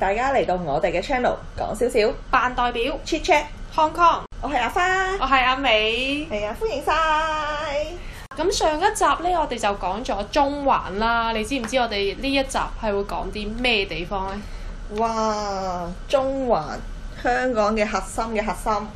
大家嚟到我哋嘅 channel，講少少扮代表 Chit Chat Hong Kong，我係阿花，我係阿美，係啊，歡迎晒！咁上一集呢，我哋就講咗中環啦。你知唔知我哋呢一集係會講啲咩地方呢？哇！中環，香港嘅核心嘅核心。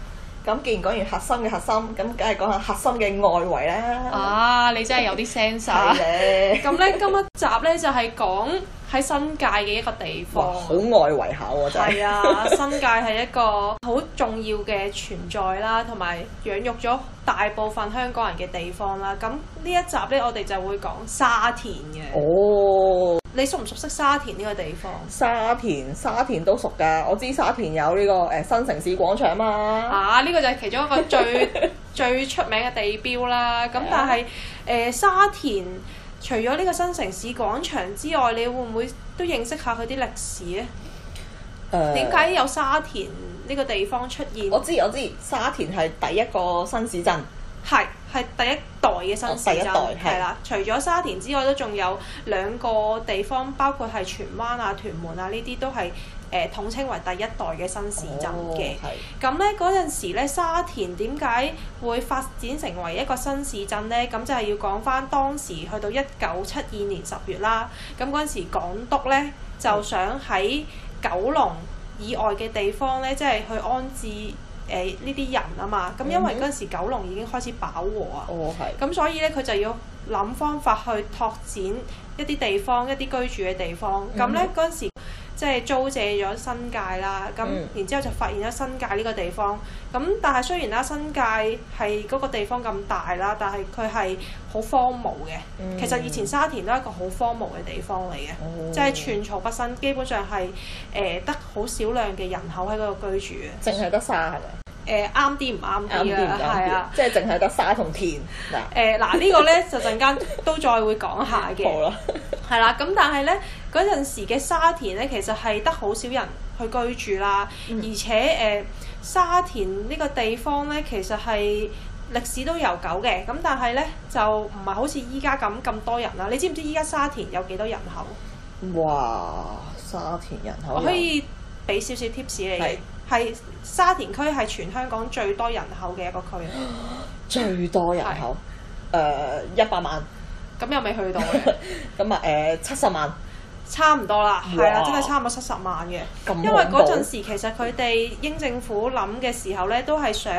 咁既然講完核心嘅核心，咁梗係講下核心嘅外圍啦。啊，你真係有啲 sense 啊！咁呢，今一集呢就係講。喺新界嘅一個地方，哇！好外圍下啊。真係。係啊，新界係一個好重要嘅存在啦，同埋養育咗大部分香港人嘅地方啦。咁呢一集呢，我哋就會講沙田嘅。哦。你熟唔熟悉沙田呢個地方？沙田，沙田都熟㗎。我知沙田有呢、這個誒、呃、新城市廣場嘛。啊，呢、呢個就係其中一個最 最出名嘅地標啦。咁但係誒、呃、沙田。除咗呢個新城市廣場之外，你會唔會都認識下佢啲歷史咧？點解、呃、有沙田呢個地方出現？我知我知，沙田係第一個新市鎮，係係第一代嘅新市鎮，係啦。除咗沙田之外，都仲有兩個地方，包括係荃灣啊、屯門啊呢啲都係。誒統稱為第一代嘅新市鎮嘅，咁、哦、呢嗰陣時呢沙田點解會發展成為一個新市鎮呢？咁就係要講翻當時去到一九七二年十月啦。咁嗰陣時港督呢，就想喺九龍以外嘅地方呢，即係去安置誒呢啲人啊嘛。咁因為嗰陣時九龍已經開始飽和啊，咁、哦、所以呢，佢就要諗方法去拓展一啲地方、一啲居住嘅地方。咁呢，嗰陣、嗯、時。即係租借咗新界啦，咁然之後就發現咗新界呢個地方。咁但係雖然啦，新界係嗰個地方咁大啦，但係佢係好荒蕪嘅。其實以前沙田都係一個好荒蕪嘅地方嚟嘅，嗯、即係寸草不生，基本上係誒、呃、得好少量嘅人口喺嗰度居住。淨係得沙係咪？誒啱啲唔啱啲啊？係啊，即係淨係得沙同田嗱。誒嗱、呃這個、呢個咧，就陣間都再會講下嘅。好啦。係啦，咁但係咧。嗰陣時嘅沙田咧，其實係得好少人去居住啦，嗯、而且誒、呃、沙田呢個地方咧，其實係歷史都悠久嘅，咁但係咧就唔係好似依家咁咁多人啦。你知唔知依家沙田有幾多人口？哇！沙田人口我可以俾少少 tips 你，係是沙田區係全香港最多人口嘅一個區。最多人口，誒一百萬。咁又未去到。咁啊誒七十萬。差唔多啦，係啊哇，真係差唔多七十萬嘅，因為嗰陣時其實佢哋英政府諗嘅時候咧，都係想。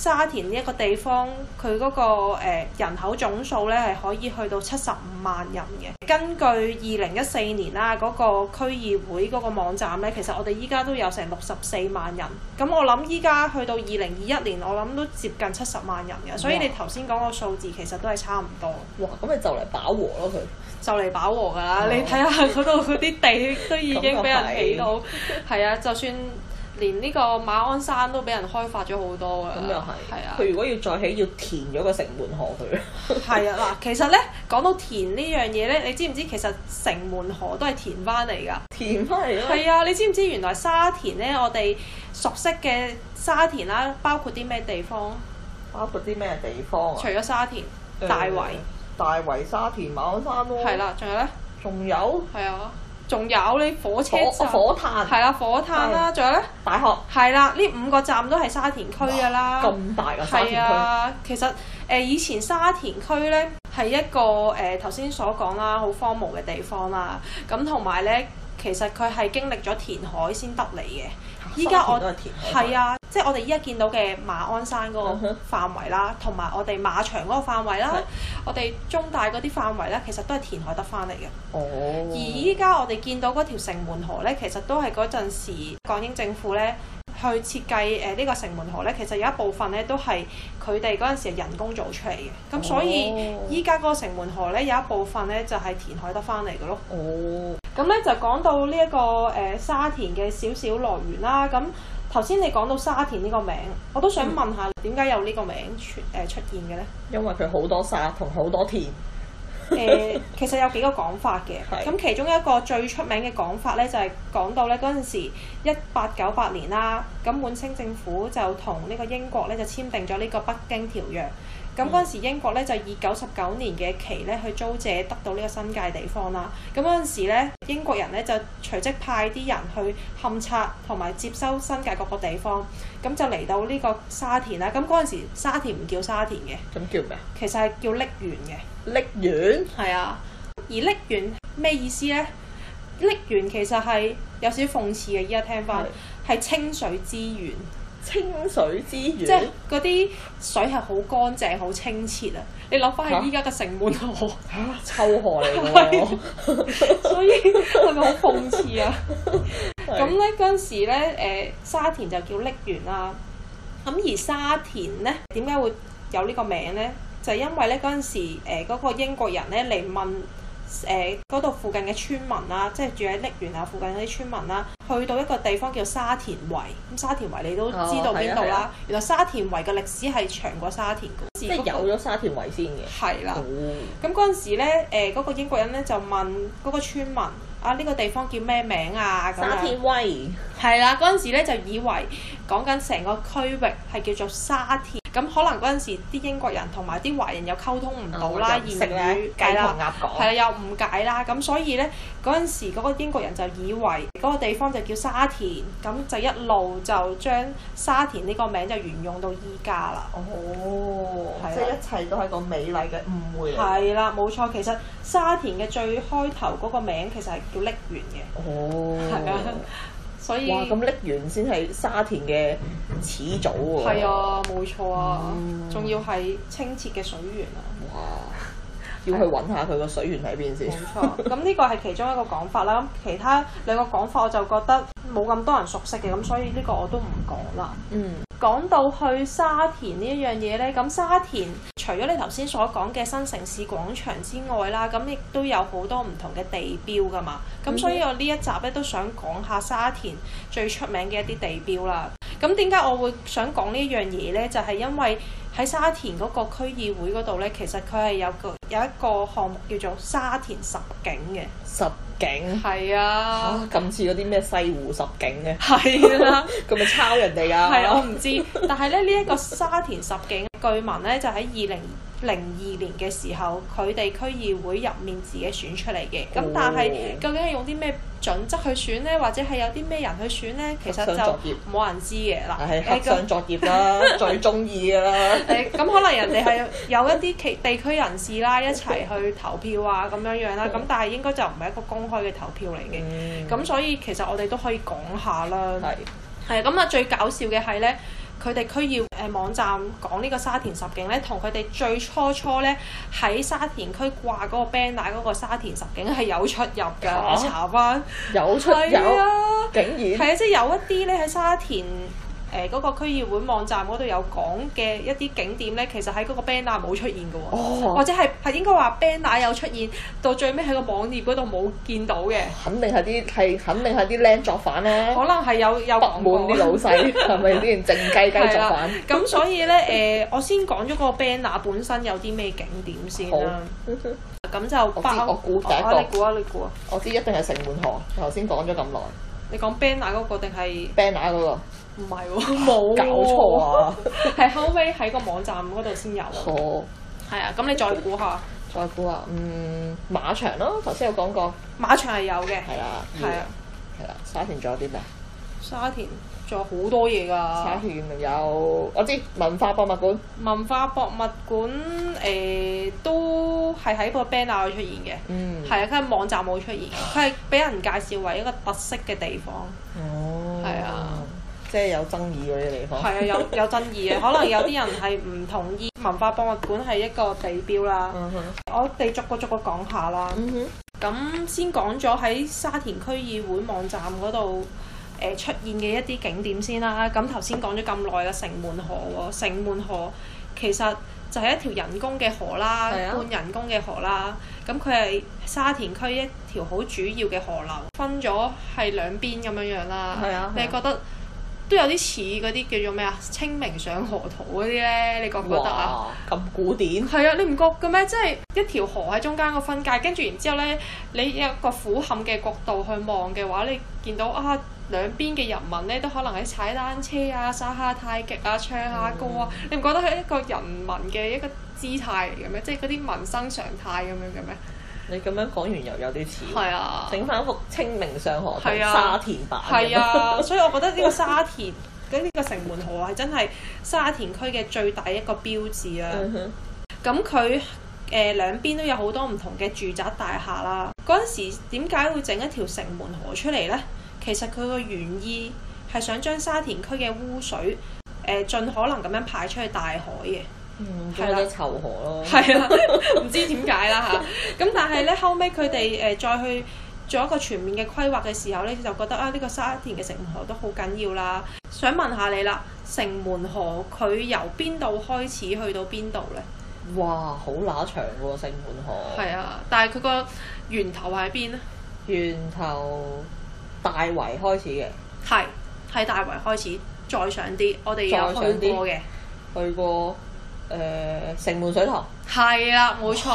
沙田呢一個地方，佢嗰、嗰個、呃、人口總數咧係可以去到七十五萬人嘅。根據二零一四年啦，嗰、嗰個區議會嗰個網站咧，其實我哋依家都有成六十四萬人。咁我諗依家去到二零二一年，我諗都接近七十萬人嘅。麼所以你頭先講個數字其實都係差唔多。哇！咁咪就嚟飽和咯佢。 就嚟飽和㗎啦！Oh. 你睇下嗰度嗰啲地都已經俾人起到。係啊，就算。連呢個馬鞍山都俾人開發咗好多嘅，咁又係，佢、啊、如果要再起，要填咗個城門河佢。係 啊，嗱，其實咧講到填呢樣嘢咧，你知唔知其實城門河都係填翻嚟㗎？填翻嚟㗎。係啊，你知唔知原來沙田咧，我哋熟悉嘅沙田啦，包括啲咩地方？包括啲咩地方？除咗沙田、呃、大圍、大圍、沙田、馬鞍山咯。係啦、啊，仲有咧？仲有。係啊。仲有呢，火車站火、火炭，係啊，火炭啦，仲有咧，大學，係啦，呢五個站都係沙田區噶啦。咁大個沙田區，其實誒、呃、以前沙田區咧，係一個誒，頭先所講啦，好荒蕪嘅地方啦。咁同埋咧，其實佢係經歷咗填海先得嚟嘅。依家我係啊，即係我哋依家見到嘅馬鞍山嗰個範圍啦，同埋 我哋馬場嗰個範圍啦， 我哋中大嗰啲範圍呢，其實都係填海得翻嚟嘅。哦， 而依家我哋見到嗰條城門河呢，其實都係嗰陣時港英政府呢，去設計誒呢個城門河咧，其實有一部分咧都係佢哋嗰陣時人工做出嚟嘅，咁所以依家嗰個城門河咧有一部分咧就係填海得翻嚟嘅咯。哦，咁咧就講到呢一個誒沙田嘅少少來源啦。咁頭先你講到沙田呢個名，我都想問下點解有呢個名出誒出現嘅咧？因為佢好多沙同好多田。誒、 呃，其實有幾個講法嘅，咁 其中一個最出名嘅講法呢，就係、是、講到呢嗰陣時一八九八年啦，咁滿清政府就同呢個英國呢，就簽訂咗呢個《北京條約》。咁嗰陣時，英國咧就以九十九年嘅期咧去租借得到呢個新界地方啦。咁嗰陣時咧，英國人咧就隨即派啲人去勘測同埋接收新界各個地方。咁、嗯、就嚟到呢個沙田啦。咁嗰陣時，沙田唔叫沙田嘅。咁叫咩？其實係叫瀝源嘅。瀝源元？係啊。而瀝源咩意思咧？瀝源其實係有少少諷刺嘅，依家聽翻係、嗯、清水之源。清水之源，即係嗰啲水係好乾淨、好清澈啊！你攞翻去依家嘅城門河，臭河嚟、啊、 所以係咪好諷刺啊？咁咧嗰陣時咧，誒、呃、沙田就叫瀝源啦。咁而沙田咧點解會有呢個名咧？就係、因為咧嗰陣時誒嗰、呃嗰個英國人咧嚟問。誒嗰度附近嘅村民啦，即係住喺瀝源啊附近嗰啲村民啦，去到一個地方叫沙田圍。咁沙田圍你都知道邊度啦。啊啊啊、原來沙田圍嘅歷史係長過沙田即係有咗沙田圍先嘅。係啦、嗰個。咁嗰陣時咧，誒、呃、嗰、嗰個英國人咧就問嗰個村民：啊，呢、呢個地方叫咩名啊？沙田圍。係 啦、啊，嗰陣時咧就以為。講緊成個區域係叫做沙田，咁可能嗰陣時啲英國人同埋啲華人又溝通唔到啦，言語計啦，係啊，又誤解啦，咁所以呢，嗰陣時嗰個英國人就以為嗰個地方就叫沙田，咁就一路就將沙田呢個名就沿用到依家啦。哦，的即係一切都係個美麗嘅誤會。係啦，冇錯，其實沙田嘅最開頭嗰個名其實係叫瀝源嘅。哦，係啊。所以哇，咁瀝完先係沙田嘅始祖喎。係啊，冇錯啊，仲、嗯、要係清澈嘅水源啊。哇！要去揾下佢個水源喺邊、哎、呀先。冇錯，咁呢 個係其中一個講法啦。咁其他兩個講法我就覺得冇咁多人熟悉嘅，咁所以呢個我都唔講啦。嗯。講到去沙田呢一樣嘢呢，咁沙田除咗你頭先所講嘅新城市廣場之外啦，咁亦都有好多唔同嘅地標㗎嘛。咁所以我呢一集咧都想講下沙田最出名嘅一啲地標啦。咁點解我會想講呢一樣嘢呢？就係、是、因為。喺沙田嗰個區議會嗰度呢，其實佢係有個有一個項目叫做沙田十景嘅。十景啊！係啊！咁似嗰啲咩西湖十景嘅。係啊，咁咪 抄人哋啊？係啊，我唔知，但係咧呢一個沙田十景據聞呢，就喺二零。零二年嘅時候，佢哋區議會入面自己選出嚟嘅，咁、哦、但係究竟係用啲咩準則去選呢？或者係有啲咩人去選呢？其實就冇人知嘅。嗱，係黑箱作業啦，最中意嘅啦。咁、哎、可能人哋係有一啲其地區人士啦， 一齊去投票啊咁樣樣啦，咁、嗯、但係應該就唔係一個公開嘅投票嚟嘅。咁、嗯、所以其實我哋都可以講下啦。係是。係咁啊！最搞笑嘅係咧。佢哋區要誒網站講呢個沙田十景咧，同佢哋最初初咧喺沙田區掛嗰個 banner 嗰個沙田十景係有出入㗎，我、啊、查翻完有出入， 啊、竟然係啊，即係有一啲咧喺沙田。 誒嗰、呃那個區議會網站嗰度有講嘅一啲景點咧，其實喺嗰個 banner 冇出現嘅喎、哦，哦、或者係係應該話 banner 有出現，到最尾喺個網頁嗰度冇見到嘅。肯定係啲係肯定係啲靚作反咧、啊。可能係有有白滿啲老細，係咪啲人靜雞雞作反？咁所以咧誒、呃，我先講咗嗰個 banner 本身有啲咩景點先啦。咁好 就包我估啊、哦，你估啊，你估啊。我知一定係城門河，頭先講咗咁耐。你講 banner 嗰個定係 banner 嗰、那個？唔係喎，冇 的搞錯啊！係 後尾喺個網站嗰度先有。哦、oh. 係啊，咁你再估下。 再估下。嗯，馬場咯，頭先有講過。馬場係有嘅。係啦了。係啊。係啦，沙田仲有啲咩？沙田。仲有好多嘢㗎，沙田仲有我知文化博物館，文化博物館誒、呃、都係喺個 banner 度出現嘅，係啊、嗯，佢係網站冇出現，佢係俾人介紹為一個特色嘅地方，哦，係啊的，即係有爭議嗰啲地方，係啊，有有爭議嘅，可能有啲人係唔同意 文化博物館係一個地標啦，嗯、哼我哋逐個逐個講下啦，咁、嗯、哼先講咗喺沙田區議會網站嗰度。呃、出現嘅一啲景點先啦。咁頭先講咗咁耐啦，城門河喎、喔，城門河其實就係一條人工嘅河啦，啊、半人工嘅河啦。咁佢係沙田區一條好主要嘅河流，分咗係兩邊咁樣樣啦。啊啊、你覺得都有啲似嗰啲叫做咩啊？清明上河圖嗰啲呢？你覺唔覺得啊？咁古典！係啊，你唔覺嘅咩？即係一條河喺中間個分界，跟住然之後呢，你有個俯瞰嘅角度去望嘅話，你見到啊～兩邊嘅人民咧，都可能喺踩單車啊、耍下太極啊、唱下、啊、歌啊。嗯、你唔覺得係一個人民嘅一個姿態嚟嘅咩？即係嗰啲民生常態咁樣嘅咩？你咁樣講完又有啲似係啊，整翻幅清明上河圖係、啊、沙田版啊！所以我覺得呢個沙田嗰呢、呢個城門河係真係沙田區嘅最大一個標誌啊、嗯哼。咁佢誒兩邊都有好多唔同嘅住宅大廈啦。嗰陣時點解會整一條城門河出嚟呢？其實佢個原意係想將沙田區嘅污水誒、呃、盡可能咁樣排出去大海嘅，係啦、嗯，臭河咯，係啊，唔 知點解啦嚇。咁、啊、但係咧後尾佢哋誒再去做一個全面嘅規劃嘅時候咧，就覺得啊呢、呢個沙田嘅城門河都好緊要啦。想問下你啦，城門河佢由邊度開始去到邊度咧？哇，好乸長喎城門河。係啊，但係佢個源頭喺邊咧？源頭。大圍開始嘅，係喺大圍開始，再上啲，我哋有過上過嘅，去過誒、呃、城門水塘，係啦，冇錯，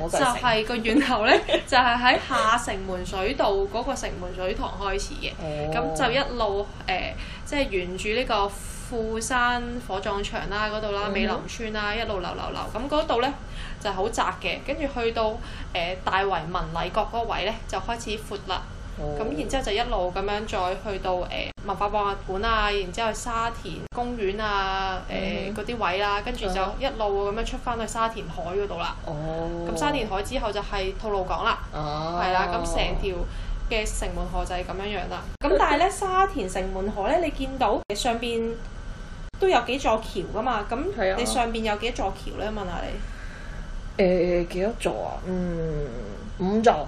哦、就係、是、個 源頭咧，就係喺下城門水道嗰個城門水塘開始嘅，咁、哦、就一路誒，即、呃、係、就是、沿住呢個富山火葬場啦、啊、嗰度啦、美林村啦、啊，嗯、一路流流流，咁嗰度咧就好窄嘅，跟住去到誒、呃、大圍文禮閣嗰位咧，就開始闊啦。咁、嗯、然之後就一路咁樣再去到誒、呃、文化博物館啊，然之後沙田公園啊，誒嗰啲位啦、啊，跟住就一路咁樣出翻去沙田海嗰度啦。哦，咁沙田海之後就係吐露港啦。哦，係啦，咁成條嘅城門河就係咁樣樣啦。咁、嗯、但係咧沙田城門河咧，你見到上邊都有幾座橋噶嘛？咁你上邊有幾多座橋咧？問下你。誒、嗯、幾多座啊？嗯，五座。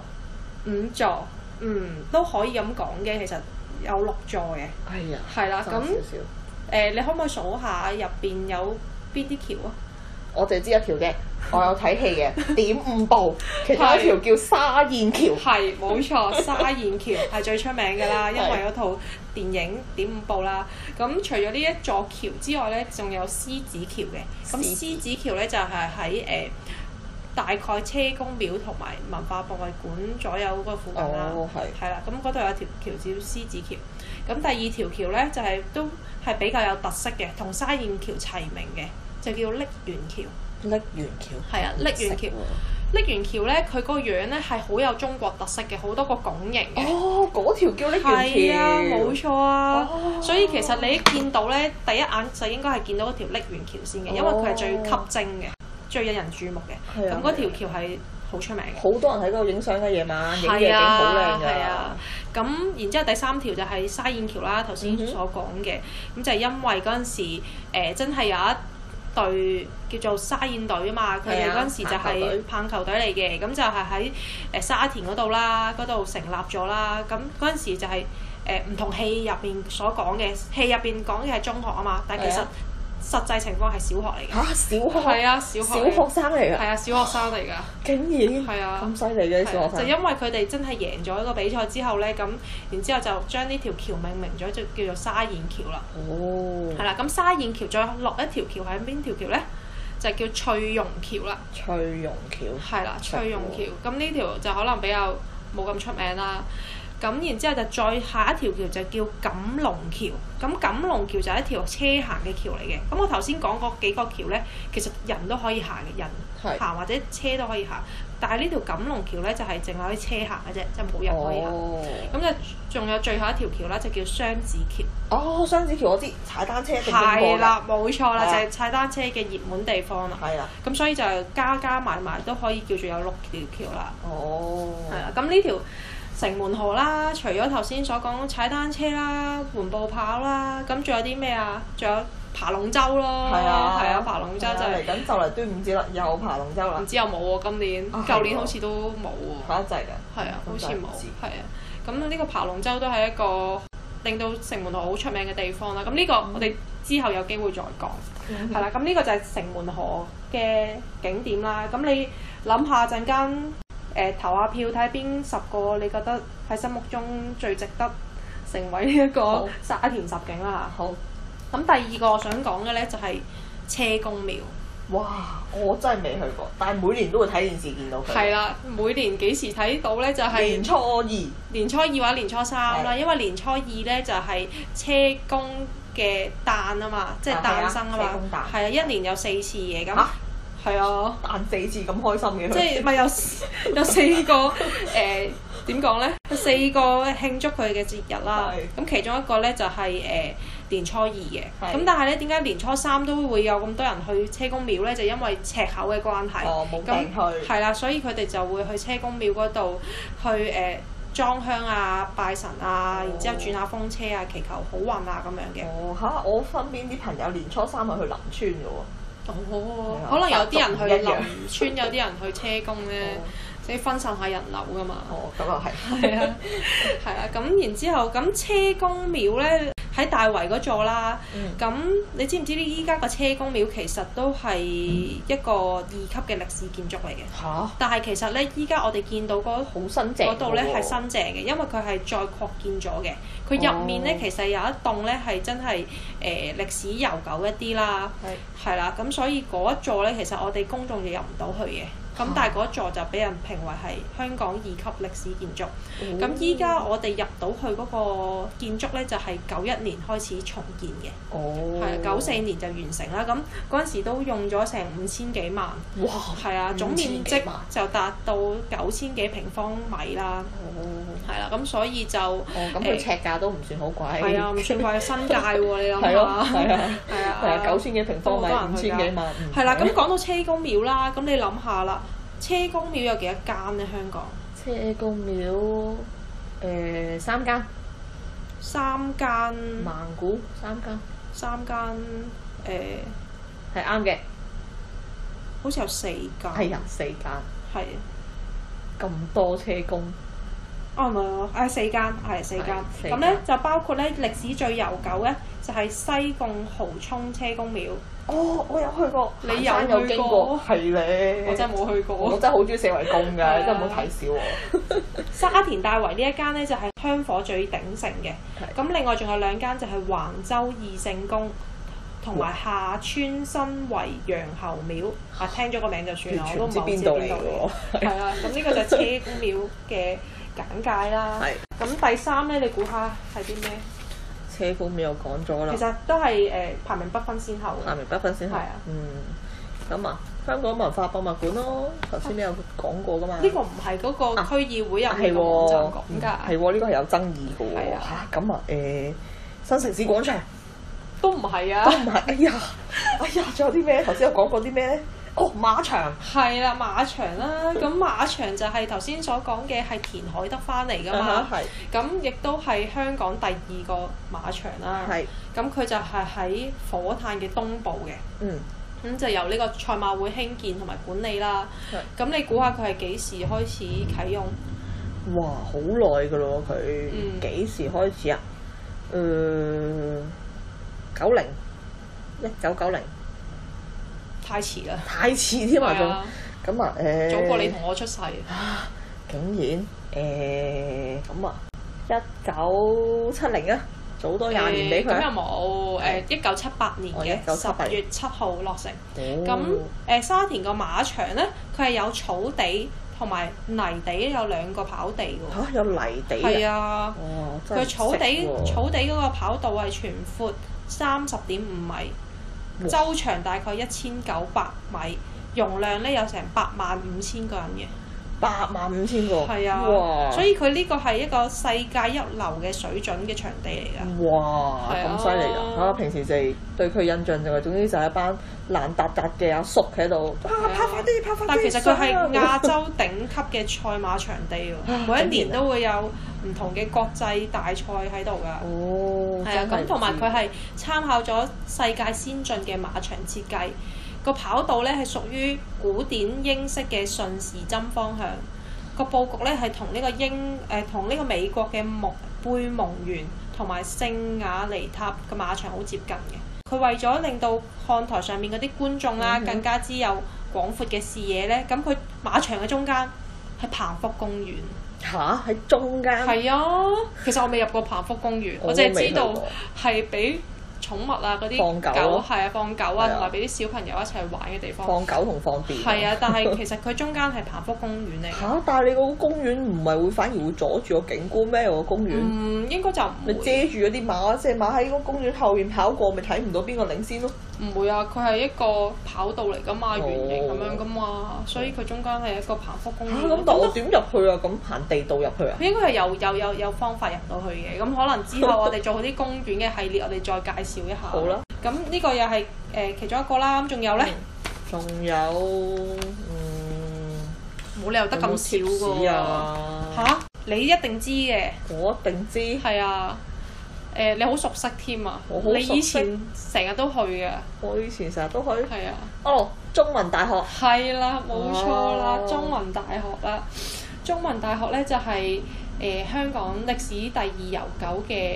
五座。嗯，都可以咁講嘅，其實有六座嘅，係啊、哎呀，係啦，咁誒、呃，你可唔可以數下入邊有邊啲橋啊？我淨係知一條啫，我有睇戲嘅《 點五步，其他一條叫沙燕橋，係冇 錯，沙燕橋係最出名㗎啦， 因為有套電影《點五步》啦。咁除咗呢一座橋之外咧，仲有獅子橋嘅，咁獅子橋咧就係喺誒。呃大概車公廟同埋文化博物館左右嗰個附近啦，係啦、哦，咁嗰度有條橋叫獅子橋，咁第二條橋咧就係、係、都係比較有特色嘅，同沙燕橋齊名嘅，就叫瀝源橋。瀝源橋係啊，瀝源橋，瀝源的橋咧，佢個樣咧係好有中國特色嘅，好多個拱形嘅。哦，嗰條叫瀝源橋。係啊，冇錯啊。哦、所以其實你一見到咧，第一眼就應該係見到嗰條瀝源橋先嘅，因為佢係最吸睛嘅。最引人注目嘅，咁嗰、哎、呀條橋係好出名。好多人喺度影相嘅，夜晚，啊、拍夜景好靚㗎。咁、啊、然之後第三條就係沙燕橋啦，頭先所講嘅，咁、嗯、哼就係因為嗰陣時，呃、真係有一隊叫做沙燕隊啊嘛，佢哋嗰陣時就係棒球隊嚟嘅，咁就係喺誒沙田嗰度啦，嗰度成立咗啦。咁嗰陣時就係誒唔同戲入邊所講嘅，戲入邊講嘅係中學啊嘛，但係其實、啊。實際情況係小學嚟嘅，嚇、啊、小學，係啊，小學，小學生嚟㗎，係啊，小學生嚟㗎，竟然 啊！咁犀利嘅小學生，啊、就因為佢哋真係贏咗一個比賽之後咧，咁然之後就將呢條橋命名咗，就叫做沙燕橋啦。哦，係啦、啊，咁沙燕橋再落一條橋喺邊條橋咧？就叫翠榕橋啦、 啊。翠榕橋係啦，翠榕橋，咁呢條就可能比較冇咁出名啦。咁然之後就再下一條橋就叫錦龍橋，咁錦龍橋就係一條車行嘅橋嚟嘅。咁我頭先講嗰幾個橋咧，其實人都可以行嘅，人行或者車都可以行。但係呢條錦龍橋咧就係淨係可以車行嘅啫，即係冇人可以行。咁就仲有最後一條橋啦，就叫雙子橋。哦，雙子橋我知，踩單車、啊。係啦，冇錯啦，哦、就係踩單車嘅熱門地方啦。係啦的。咁所以就加加埋埋都可以叫做有六條橋啦。哦。係啦，咁呢條。城門河啦，除咗頭先所講踩單車啦、緩步跑啦，咁仲有啲咩啊？仲有爬龍舟咯，係啊係啊，爬龍舟就嚟緊就嚟端午節啦，又、啊、爬龍舟啦，唔知又冇喎。今年，舊、啊、年好似都冇喎。跑得滯㗎，係啊，好似冇，係啊。咁呢個爬龍舟都係一個令到城門河好出名嘅地方啦。咁呢、啊嗯嗯、個我哋之後有機會再講，係啦。 咁呢個就係城門河嘅景點啦。咁你諗下陣間。誒、呃、投下票睇下邊十個你覺得喺心目中最值得成為呢一個好沙田十景啦好。咁第二個我想講嘅呢就係車公廟。哇！我真係未去過，但係每年都會睇電視見到佢。係啦、啊，每年幾時睇到呢？就係、是、年初二。年初二或年初三啦，的因為年初二呢就係車公嘅誕啊嘛，即係誕生啊嘛，係啊，一年有四次嘢咁。啊那係啊，彈死字咁開心嘅，即係咪有有四個誒點講咧？有四個、， 呃、四個慶祝佢嘅節日啦。咁對 其中一個咧就係、是、誒、呃、年初二嘅。咁對 但係咧點解年初三都會有咁多人去車公廟咧？就是、因為赤口嘅關係。哦，冇咁去那。係啦以、嗯，所以佢哋就會去車公廟嗰度去誒、呃、裝香啊、拜神啊，然之後轉下風車啊、祈求好運啊咁樣嘅。哦，嚇！我身邊啲朋友年初三係去林村嘅喎。哦，嗯、可能有啲人去林村，有啲人去車公咧，哦、即分散下人流㗎嘛。哦，咁又係。係 啊，係啊，咁然之後，咁車公廟咧，喺大圍嗰座啦，咁、嗯、你知唔知呢？依家個車公廟其實都係一個二級嘅歷史建築嚟嘅。嚇、嗯！但係其實咧，依家我哋見到嗰、那、好、個、新嗰度咧係新淨嘅，因為佢係再擴建咗嘅。佢入面咧、哦、其實有一棟咧係真係誒、呃、歷史悠久一啲啦，係啦是，咁所以嗰一座咧其實我哋公眾就入唔到去嘅。咁但係嗰座就俾人評為係香港二級歷史建築。咁依家我哋入到去嗰個建築咧，就係九一年開始重建嘅，係九四年就完成啦。咁嗰陣時都用咗成五千幾萬，係啊，總面積就達到九千幾平方米啦。係啦，咁所以就，哦，咁佢尺價都唔算好貴，係啊，唔算貴新界喎，你諗下，係咯，係啊，係啊，九千幾平方米五千幾萬，係啦。咁講到車公廟啦，咁你諗下啦。車公廟有幾多間呢？香港車公廟誒三間，三間，曼古三間，谷三間誒，係啱嘅，好似有四間，係啊、哎、四間，係咁是多車公，哦唔係喎，四間係四間，咁咧就包括咧歷史最悠久咧就係西貢蠔涌車公廟。哦，我有去過，你有去過，係咧，我真係冇去過，我真係好中意四圍逛㗎，你真係唔好睇小我。沙田大圍呢一間咧就係香火最鼎盛嘅，咁另外仲有兩間就係橫洲二聖宮同埋下川新圍楊侯廟，啊聽咗個名就算啦，我都唔知邊度嚟嘅。係啦，咁呢個就係車公廟嘅簡介啦。係。咁第三咧，你估下係啲咩？車方面又講咗啦，其實都係誒、呃、排，排名不分先後，排名不分先後，嗯，咁啊，香港文化博物館咯，頭先你有講過噶嘛？呢、啊呢個唔係嗰個區議會入面就咁站講㗎，係喎呢個係有爭議㗎喎，咁啊誒、啊啊呃，新城市廣場、嗯、都唔係啊，都唔係，哎呀， 哎呀，仲有啲咩？頭先有講過啲咩咧？哦，馬場係啦，馬場啦、啊，咁馬場就係頭先所講嘅係填海得翻嚟㗎嘛，咁亦都係香港第二個馬場啦、啊。係是，咁佢就係喺火炭嘅東部嘅。嗯，咁、嗯、就由呢個賽馬會興建同埋管理啦。係是，咁你估下佢係幾時開始啟用？哇、嗯，好耐㗎咯佢，幾、嗯、時開始啊？誒、嗯，九零一九九零。太遲啦！太遲添啊，仲咁啊誒！欸、早過你同我出世啊！竟然誒咁、欸、啊，一九七零啊，早多廿年俾佢。咁又冇誒一九七八年嘅十、哦、月七號落成。咁誒、哦欸、沙田個馬場咧，佢係有草地同埋泥地有兩個跑地嘅喎、啊。有泥地。係啊。哦。佢草地草地，嗰個跑道係全闊三十點五米。周長大概一千九百米，容量咧有成八萬五千個人嘅。八萬五千個，啊、哇所以佢呢個係一個世界一流嘅水準嘅場地嚟噶。哇，咁犀利㗎！嚇、啊啊，平時哋對佢印象就係，總之就係一班爛搭搭嘅阿叔喺度。嚇、啊！啲、啊，跑，但其實佢係亞洲頂級嘅賽馬場地喎， 每一年都會有唔同嘅國際大賽喺度㗎。哦，係啊，咁同埋佢係參考咗世界先進嘅馬場設計。個跑道咧係屬於古典英式嘅順時針方向，個佈局咧係同呢個英誒同呢個美國嘅穆貝蒙園同埋聖雅尼塔個馬場好接近嘅。佢為咗令到看台上面嗰啲觀眾啦、啊、更加之有廣闊嘅視野咧，咁佢馬場嘅中間係彭福公園。嚇！喺中間。係啊，其實我未入過彭福公園， 我淨係知道係俾寵物啊，嗰啲狗係啊狗，放狗啊，同埋俾啲小朋友一齊玩嘅地方。放狗同放竇。係啊， 但係其實佢中間係彭福公園嚟。嚇、啊！但係你個公園唔係會反而會阻住個景觀咩？個公園。唔、嗯、應該就唔。咪遮住嗰啲馬，遮、即係、馬喺個公園後面跑過，咪睇唔到邊個領先咯。唔會啊，佢係一個跑道嚟噶嘛，圓形咁樣噶嘛，哦、所以佢中間係一個彭福公園。咁，我點入去啊？咁行地道入去啊？佢應該係有有有有方法入到去嘅，咁可能之後我哋做好啲公園嘅系列，我哋再介紹一下。好啦吧，咁呢個又係誒其中一個啦，咁仲有咧？仲、嗯、有，嗯，冇理由得咁少㗎。嚇、啊啊！你一定知嘅。我一定知。係啊。誒、呃、你好熟悉添啊！你以前成日都去嘅。我以前成日都去。係啊。哦，中文大學。係啦、啊，冇錯啦，oh. 中文大學啦。中文大學呢就係誒香港歷史第二悠久嘅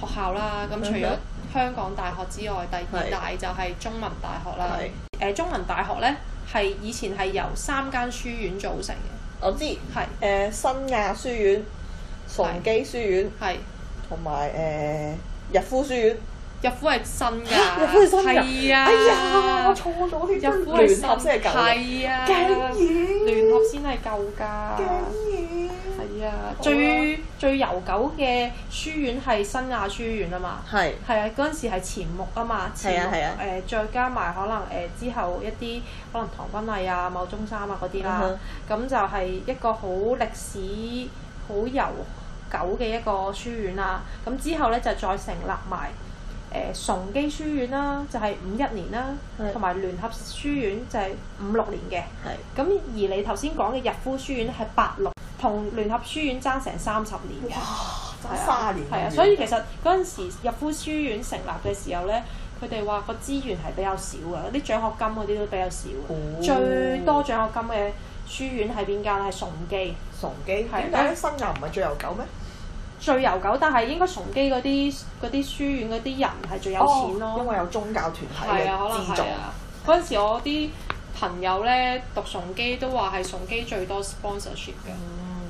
學校啦。咁除咗香港大學之外，第二大就係中文大學啦。係是、呃。中文大學呢，係以前係由三間書院組成嘅。我知。係是。誒、呃、新亞書院、崇基書院。係。同埋誒逸夫書院，逸夫係新㗎，逸夫新㗎，哎呀，我錯咗添，逸夫係新，係啊，聯合先係舊，竟然，聯合先係舊㗎，竟院。係啊，最最悠久嘅書院係新亞書院啊嘛，係，係啊，嗰陣時係錢穆啊嘛，錢穆誒再加埋可能誒之後一啲可能唐君毅啊、牟宗三啊嗰啲啦，咁就係一個好歷史好悠九嘅一個書院啦，咁之後咧就再成立埋誒、呃、崇基書院啦，就係五一年啦，同埋是聯合書院就係五六年嘅。係是，咁而你頭先講嘅逸夫書院係八六，同聯合書院爭成三十年嘅。哇，爭卅、啊、年。係啊，所以其實嗰陣時逸夫書院成立嘅時候咧，佢哋話個資源係比較少嘅，啲獎學金嗰啲都比較少、哦、最多獎學金嘅。書院係邊間啊？係崇基，崇基點解新亞唔係最悠久咩？最悠久，但係應該崇基嗰啲啲書院嗰啲人係最有錢咯，因為有宗教團體嘅資助。係啊，可能係啊。嗰陣時我啲朋友咧讀崇基都話係崇基最多 sponsorship 嘅。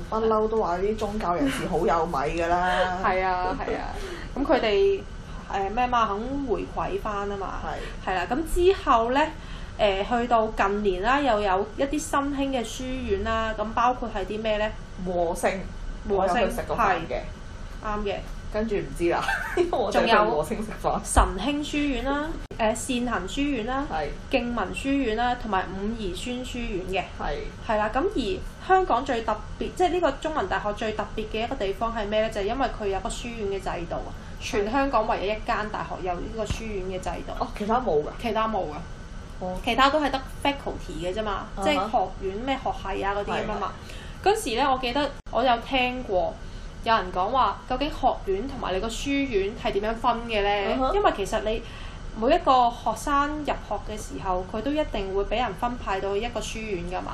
不嬲都話啲宗教人士好有米㗎啦。係啊係啊，咁佢哋誒咩嘛肯回饋翻啊嘛，係啦，咁之後咧。誒、呃、去到近年啦、啊，又有一啲新興嘅書院啦、啊。咁包括係啲咩呢？和聲星，和聲係啱嘅。跟住唔知啦，仲有和聲食飯。晨興書院啦、啊呃，善衡書院啦、啊，是敬文書院啦、啊，同埋伍宜孫書院嘅係係啦。咁是而香港最特別，即係呢個中文大學最特別嘅一個地方係咩呢？就係、是、因為佢有個書院嘅制度啊！全香港唯一一間大學有呢個書院嘅制度。是哦，其他冇嘅，其他冇嘅。其他都係得 faculty 嘅啫嘛，uh huh. 即係學院咩學系啊嗰啲咁啊嘛。嗰 時咧，我記得我有聽過有人講話，究竟學院同埋你個書院係點樣分嘅咧？Uh huh. 因為其實你每一個學生入學嘅時候，佢都一定會俾人分派到一個書院㗎嘛。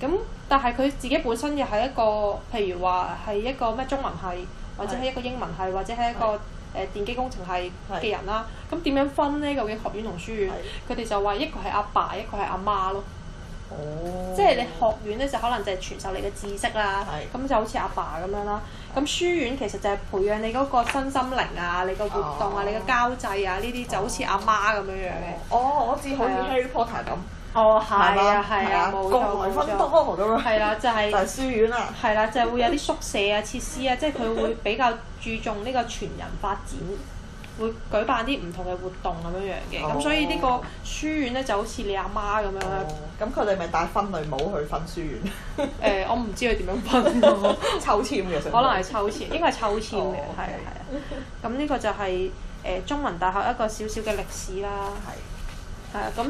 咁、uh huh. 但係佢自己本身又係一個，譬如話係一個咩中文系，或者係一，uh huh. 一個英文系，或者係一個、uh。Huh. 誒電機工程係嘅人啦，咁點是樣分呢？究竟學院同書院？佢哋是就話一個係阿爸，爸，一個係阿媽，媽咯。哦，即係你學院咧，就可能就係傳授你嘅知識啦。係是，咁就好似阿爸咁樣啦。咁是書院其實就係培養你嗰個身心靈啊，你個活動啊，哦、你個交際啊呢啲，就好似阿媽咁樣樣嘅、哦。哦，我知，是好似 Harry Potter 咁的。嗯哦，係啊，係啊，冇類分多咁樣，係啦，就係書院啦，係啦，就係會有啲宿舍啊、設施啊，即係佢會比較注重呢個全人發展，會舉辦啲唔同嘅活動咁樣樣嘅，咁所以呢個書院咧就好似你阿媽咁樣。哦，咁佢哋咪帶分類帽去分書院。誒，我唔知佢點樣分，抽籤嘅可能係抽籤，應該係抽籤嘅，係啊，係啊。咁呢個就係誒中文大學一個小小嘅歷史啦，係。係啊，咁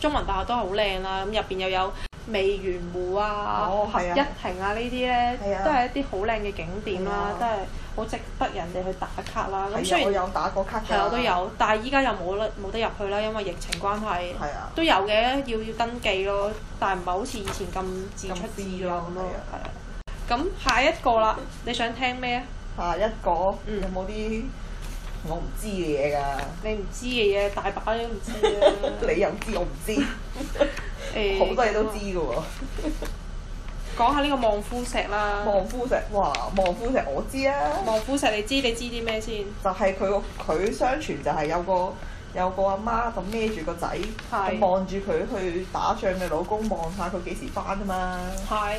中文大學都好靚啦，咁入邊又有未圓湖啊、合一亭啊呢啲咧，都係一啲好靚嘅景點啦，都係好值得人哋去打卡啦。咁雖然我有打過卡嘅，係我都有，但係依家又冇啦，冇得入去啦，因為疫情關係。係啊。都有嘅，要要登記咯，但係唔係好似以前咁自出自咁咯。係啊。咁下一個啦，你想聽咩啊？下一個有冇啲？我唔知嘅嘢㗎。你唔知嘅嘢大把人 你，你都唔知啦。你又知我唔知，好多嘢都知嘅喎。講下呢個望夫石啦。望夫石，哇！望夫石我知啊。望夫石你知，你知啲咩先就？就係佢個佢相傳就係有個。有個阿媽就孭住個仔，佢望住佢去打仗嘅老公，望下佢幾時翻啊嘛。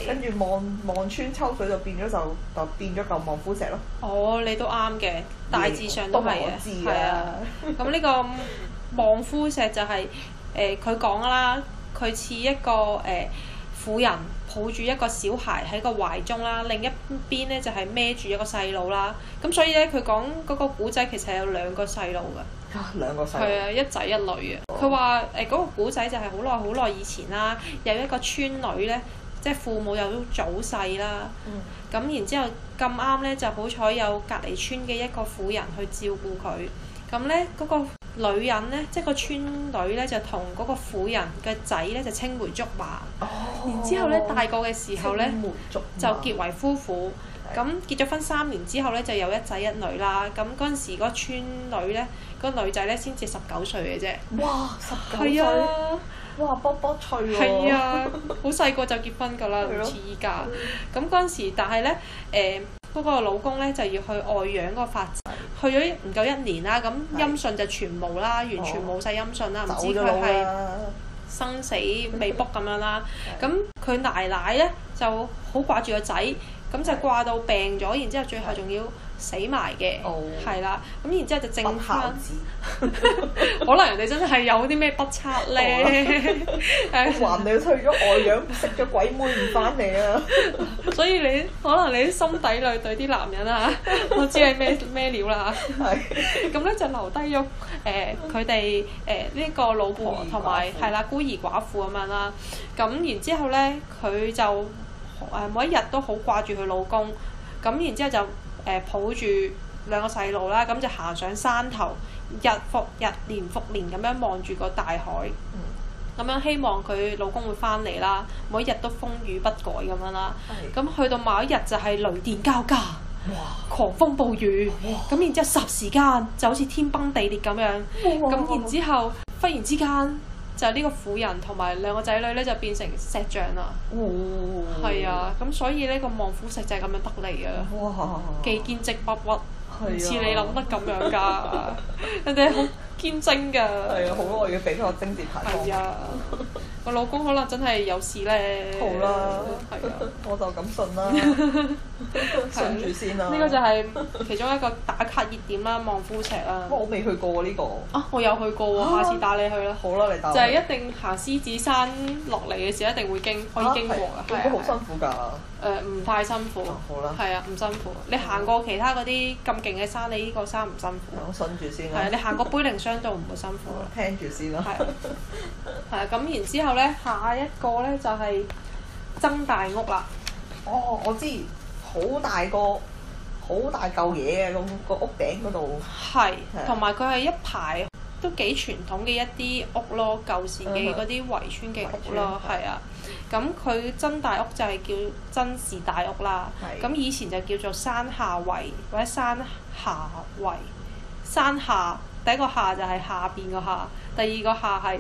跟住望望穿秋水就就，就變咗就就變咗嚿望夫石咯。哦，你都啱嘅，大致上都係嘅。咁呢、啊、 個望夫石就係誒佢講啦，佢、呃、似一個誒、呃、婦人抱住一個小孩喺個懷中啦，另一邊咧就係孭住一個細路啦。咁所以咧，佢講嗰個古仔其實有兩個細路嘅。兩個細係啊，一仔一女啊。佢話誒嗰個古仔就係好耐好耐以前啦。有一個村女咧，即係父母有早逝啦。咁然之後咁啱咧，就好彩有隔離村嘅一個婦人去照顧佢。咁咧嗰個女人咧，即係個村女咧，就同嗰個婦人嘅仔咧就青梅竹馬。哦。然之後咧大個嘅時候咧，青梅竹就結為夫婦。咁結咗婚三年之後咧，就有一仔一女啦。咁嗰陣時嗰個村女咧。個女仔咧先至十九歲嘅啫，哇！十九歲，哇，卜卜脆喎，係啊，好細個就結婚噶啦，唔似依家。咁嗰陣時，但係咧，誒，嗰個老公咧就要去外洋嗰個發展，去咗唔夠一年啦，咁音訊就全無啦，完全冇晒音訊啦，唔知佢係生死未卜咁樣啦。咁佢奶奶咧就好掛住個仔，咁就掛到病咗，然之後最後仲要，死埋嘅，係啦，咁然之後就剩翻，可能人哋真係有啲咩不測咧，誒還你退咗外養，食咗鬼妹唔翻嚟啊！所以你可能你心底裏對啲男人啊，我知係咩咩料啦。咁咧就留低咗誒佢哋誒呢個老婆同埋係啦孤兒寡婦咁樣啦。咁然之後咧，佢就誒每一日都好掛住佢老公。咁然之後就。抱住兩個細路啦，咁就行上山頭，日復日，年復年咁樣望住個大海，咁、嗯、樣希望佢老公會翻嚟啦。每一日都風雨不改咁、嗯、樣啦，咁去到某一日就係雷電交加，哇狂風暴雨，咁哇然之後霎時間就好似天崩地裂咁樣，咁哇然之後哇忽然之間。就呢個婦人同埋兩個仔女咧，就變成石像啦。係啊，咁、嗯、所以呢個望夫石就係咁樣得嚟噶啦。幾堅直不屈，唔似是、啊、你諗得咁樣㗎。 人哋好～堅貞㗎，係啊，好耐要比較貞節牌啊！我老公可能真係有事咧。好啦，啊！我就咁信啦，信住先啦。呢個就係其中一個打卡熱點啦，望夫石啦。我未去過呢個。啊，我有去過喎，下次帶你去啦。好啦，你帶我。就係一定行獅子山落嚟嘅時候一定會經可以經過㗎，不過好辛苦㗎。誒，唔太辛苦。好啦。係啊，唔辛苦。你行過其他嗰啲咁勁嘅山，你呢個山唔辛苦。等信住先啊。係，你行過碑林。相到唔會辛苦咯，聽住先咯。係啊，咁然之後咧，下一個咧就係曾大屋啦。哦，我知好大個，好大嚿嘢啊！咁個屋頂嗰度係同埋佢係一排都幾傳統嘅一啲屋咯，舊時嘅嗰啲圍村嘅屋咯，係、huh, 圍村，圍村啊。咁佢曾大屋就係叫曾氏大屋啦。咁係以前就叫做山下圍或者山下圍山下，第一個下就係下邊個下，第二個下係誒、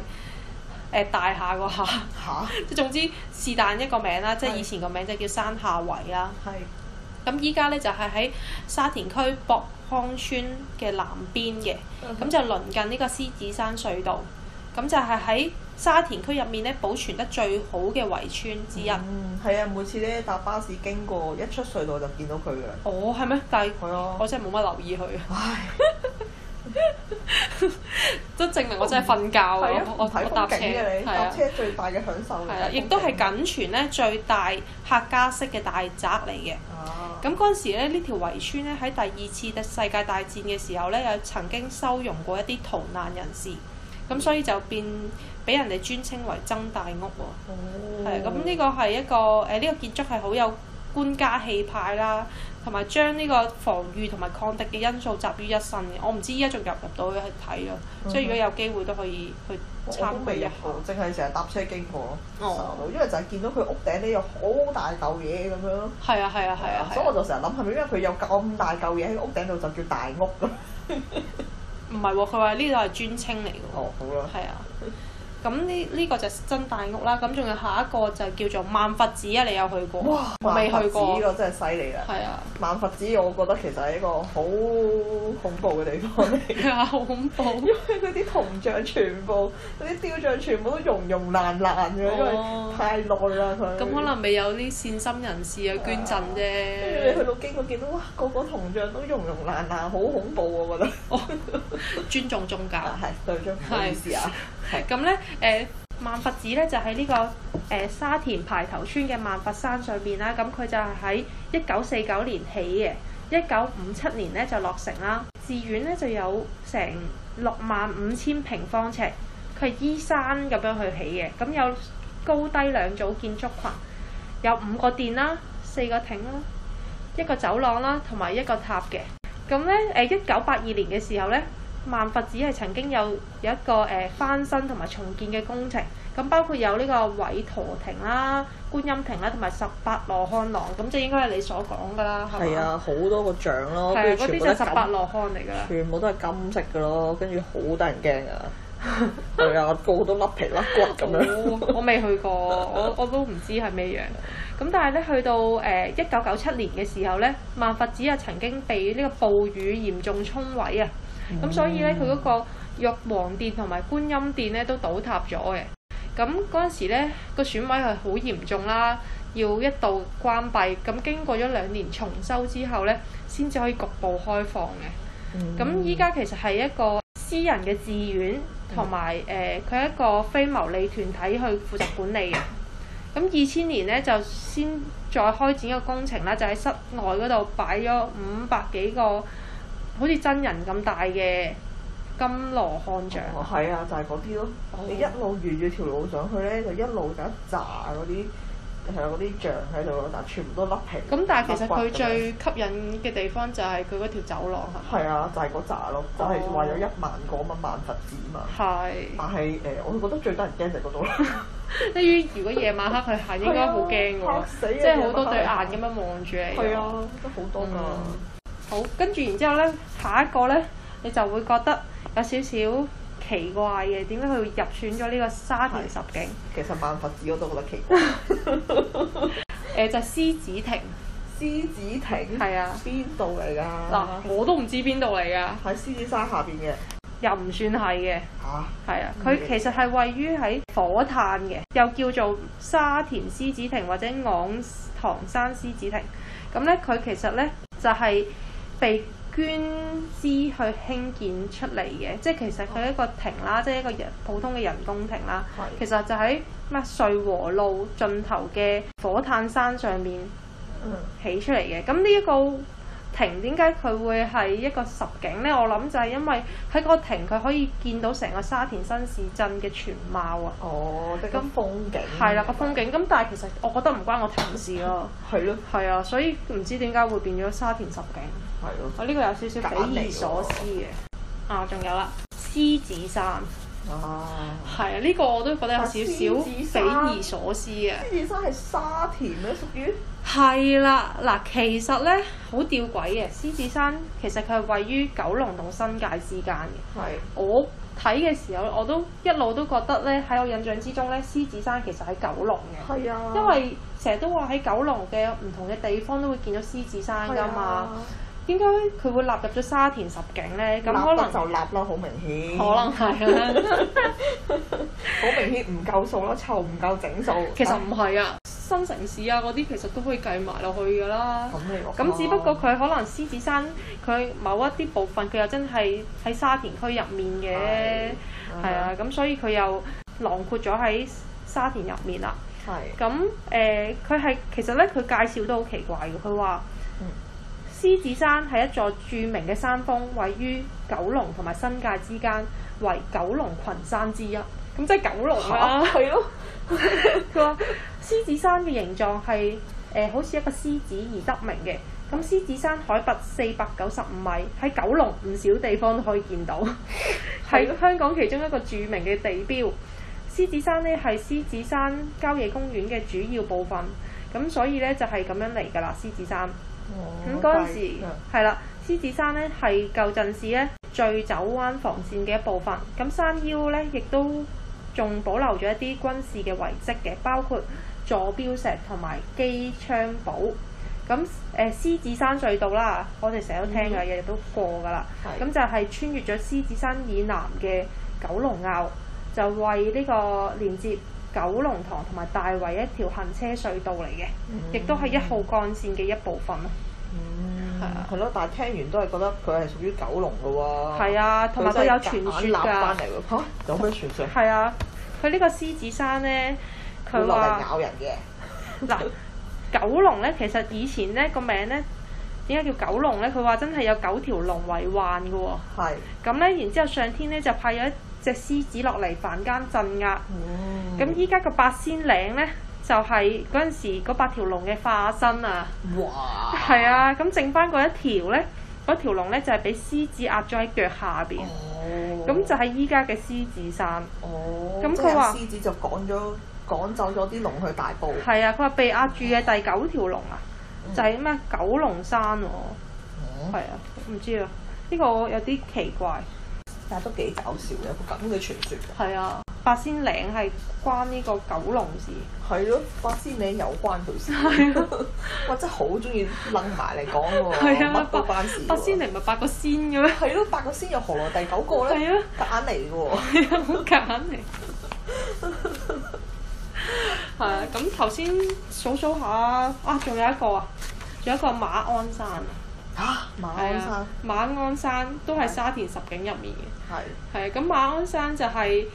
呃、大廈個下，即係哈總之是但一個名啦，即係以前個名就叫山下圍啦。係的。咁依家咧就係喺沙田區博康村嘅南邊嘅，咁、嗯、哼就鄰近呢個獅子山隧道，咁就係喺沙田區入面咧保存得最好嘅圍村之一。嗯，係啊，每次咧搭巴士經過，一出隧道就見到佢嘅。哦，係咩？但係佢的我真係冇乜留意佢。唉。 都證明我真係瞓覺咯！我、啊、我搭車嘅你搭、啊、車最大嘅享受嚟。係啊，亦都係僅存咧最大客家式嘅大宅嚟嘅。哦、啊。咁嗰陣時咧，呢條圍村咧喺第二次世界大戰嘅時候咧，又曾經收容過一啲逃難人士，咁、嗯、所以就變俾人哋尊稱為曾大屋喎。哦、嗯。咁，呢個係一個誒，呢、呃、這個建築係好有官家氣派啦。同埋將呢個防禦同埋抗敵嘅因素集於一身嘅，我唔知依家仲入唔入到去睇咯。嗯、哼所以如果有機會都可以去參觀一下。淨係成日搭車經過，就、哦、因為就係見到佢屋頂咧有好大嚿嘢咁樣。係啊係啊係啊！啊啊啊啊所以我就成日諗係咪因為佢有咁大嚿嘢喺屋頂度就叫大屋咁。唔係喎，佢話呢度係尊稱嚟嘅。哦，好啦。係啊。咁呢呢個就係真大屋啦，咁仲有下一個就叫做萬佛寺啊，你有去過？哇！我未去過，呢個真係犀利啦。係啊。萬佛寺我覺得其實係一個好恐怖嘅地方嚟。係啊，好恐怖。因為嗰啲銅像全部，嗰啲雕像全部都溶溶爛爛嘅，哦、因為太耐啦佢。咁可能未有啲善心人士去捐贈啫。跟住、啊、你去到經過，見到哇個個銅像都溶溶爛爛，好恐怖我覺得、哦。尊重宗教係對唔住啊。的咁咧，誒萬佛寺咧就喺呢、這個誒、呃、沙田排頭村嘅萬佛山上邊啦。咁佢就係喺一九四九年起嘅，一九五七年咧就落成啦。寺院咧就有成六萬五千平方尺，佢係依山咁樣去起嘅。咁有高低兩組建築群，有五個殿啦，四個亭啦，一個走廊啦，同埋一個塔嘅。咁咧，誒一九八二年嘅時候咧。萬佛寺係曾經有有一個誒翻新同埋重建嘅工程，咁包括有呢個韋陀亭啦、觀音亭啦，同埋十八羅漢廊，咁就係應該係你所講㗎啦，係啊，好多個像咯，嗰啲就十八羅漢嚟㗎喇，跟住全部都係金色嘅咯，跟住好得人驚㗎。係啊，個個都甩皮甩骨咁樣。我未去過，我我都唔知係咩樣。咁但係咧，去到誒一九九七年嘅時候咧，萬佛寺啊曾經被呢個暴雨嚴重沖毀啊。咁、嗯、所以咧，佢嗰個玉皇殿同埋觀音殿咧都倒塌咗嘅。咁嗰陣時咧，個損毀係好嚴重啦，要一度關閉。咁、嗯、經過咗兩年重修之後咧，先至可以局部開放嘅。咁依家其實係一個私人嘅寺院，同埋誒，佢、呃、係一個非牟利團體去負責管理嘅。咁二千年咧就先再開展一個工程啦，就喺室外嗰度擺咗五百幾個好似真人咁大嘅金羅漢像。啊哦，係啊，就係嗰啲咯。哦、你一路沿住條路上去咧，就一路就一壇嗰啲，係啊，嗰啲像喺度，但全部都甩皮。咁但係其實佢最吸引嘅地方就係佢嗰條走廊嚇。係啊，就係嗰壇咯，就係、是、話有一萬個乜萬佛寺啊嘛。係。哦、但係誒，我覺得最得人驚就係嗰度啦。至於 如果夜晚黑去行，應該好驚喎，嗯、嚇死，即係好多對眼咁樣望住你。係啊、嗯，都好多㗎。好，跟住然之後呢，下一個呢，你就會覺得有少少奇怪嘅，點解佢入選咗呢個沙田十景？其實萬佛寺我都覺得奇怪、 呃。就係、是、獅，獅子亭。獅子亭。係啊。邊度嚟㗎？嗱，我都唔知邊度嚟㗎。喺獅子山下邊嘅。又唔算係嘅。嚇？係啊，佢、啊嗯、其實係位於喺火炭嘅，又叫做沙田獅子亭或者昂塘山獅子亭。咁、嗯嗯嗯嗯嗯嗯、呢，佢其實呢，就係、是就。是被捐資去興建出嚟嘅，即係其實佢一個亭啦，即係一個人普通嘅人工亭啦。的其實就喺乜瑞和路盡頭嘅火炭山上面起出嚟嘅。咁呢一個亭點解佢會係一個十景呢？我諗就係因為喺個亭佢可以見到成個沙田新市鎮嘅全貌啊！哦，咁在風景係啦，個、啊、風景咁，但係其實我覺得唔關我亭事咯。係咯 了。係啊，所以唔知點解會變咗沙田十景。係咯了。我呢、啊呢個有少少匪夷所思嘅。啊，仲、啊、有啦，獅子山。哦，係啊！呢個我都覺得有少少匪夷所思啊。獅子山係沙田咧，屬於係啦。嗱，其實咧好吊詭嘅，獅子山其實佢係位於九龍同新界之間嘅。係。我睇嘅時候，我都一路都覺得咧喺我印象之中咧，獅子山其實喺九龍嘅。係啊。因為成日都話喺九龍嘅唔同嘅地方都會見到獅子山㗎嘛。點解佢會納入咗沙田十景呢？咁可能立就納啦，好明顯。可能係啊， 啊，好明顯唔夠數咯，湊唔夠整數。 其實唔係啊， 新城市啊嗰啲其實都可以計埋落去㗎啦。咁你話？只不過佢可能獅子山佢某一啲部分佢又真係喺沙田區入面嘅，係是啊，咁、啊、所以佢又囊括咗喺沙田入面啦。係是。咁誒，佢、呃、係其實咧，佢介紹都好奇怪嘅，佢話。獅子山係一座著名嘅山峰，位於九龍同埋新界之間，為九龍群山之一。咁即係九龍啊！係咯，佢話獅子山嘅形狀係誒、呃、好似一個獅子而得名嘅。咁獅子山海拔四百九十五米，喺九龍唔少地方都可以見到，係 香港其中一個著名嘅地標。獅子山呢係獅子山郊野公園嘅主要部分，咁所以呢就係、是、咁樣嚟㗎啦。獅子山。咁嗰陣時係啦的，獅子山咧係舊陣時咧醉酒灣防線嘅一部分。咁山腰咧亦都仲保留咗一啲軍事嘅遺跡嘅，包括座標石同埋機槍堡。咁誒、呃、獅子山隧道啦，我哋成日都聽嘅，日日、嗯、都過㗎啦。咁的就係穿越咗獅子山以南嘅九龍坳，就為呢個連接，九龍塘同埋大圍一條行車隧道嚟嘅，嗯、亦都係一號幹線嘅一部分咯。係、嗯、啊，係咯，但係聽完都係覺得佢係屬於九龍噶喎。係啊，同埋佢有傳説㗎。嚇？有咩傳説？係啊，佢呢個獅子山咧，佢話咬人嘅。嗱， 九龍咧，其實以前咧個名咧，點解叫九龍咧？佢話真係有九條龍為患噶喎。係是。咁咧，然之後上天咧就派咗一。隻獅子落嚟凡間鎮壓，咁依家個八仙嶺呢，就係嗰陣時嗰八條龍嘅化身啊，哇！係啊，咁剩翻嗰一條呢，嗰條龍呢就係俾獅子壓咗喺腳下邊。咁、哦、就係依家嘅獅子山，咁佢話獅子就趕咗趕走咗啲龍去大埔，係啊，佢話被壓住嘅第九條龍啊，嗯、就係咩九龍山喎，係啊，唔知、嗯、啊，呢、呢個有啲奇怪。但都幾搞笑嘅，個咁嘅傳說。係啊，八仙嶺係關呢個九龍事。係咯，八仙嶺有關佢事。我真係好中意掹埋嚟講喎。係啊，八個八仙嶺咪八個仙嘅咩？係咯，八個仙又何來第九個咧？係啊，夾硬嚟嘅喎。好夾硬嚟。係啊，咁頭先數數下啊，仲有一個啊，仲有一個馬鞍山啊。嚇！馬鞍山。馬鞍山都係沙田十景入面嘅。係。係咁馬鞍山就係、是，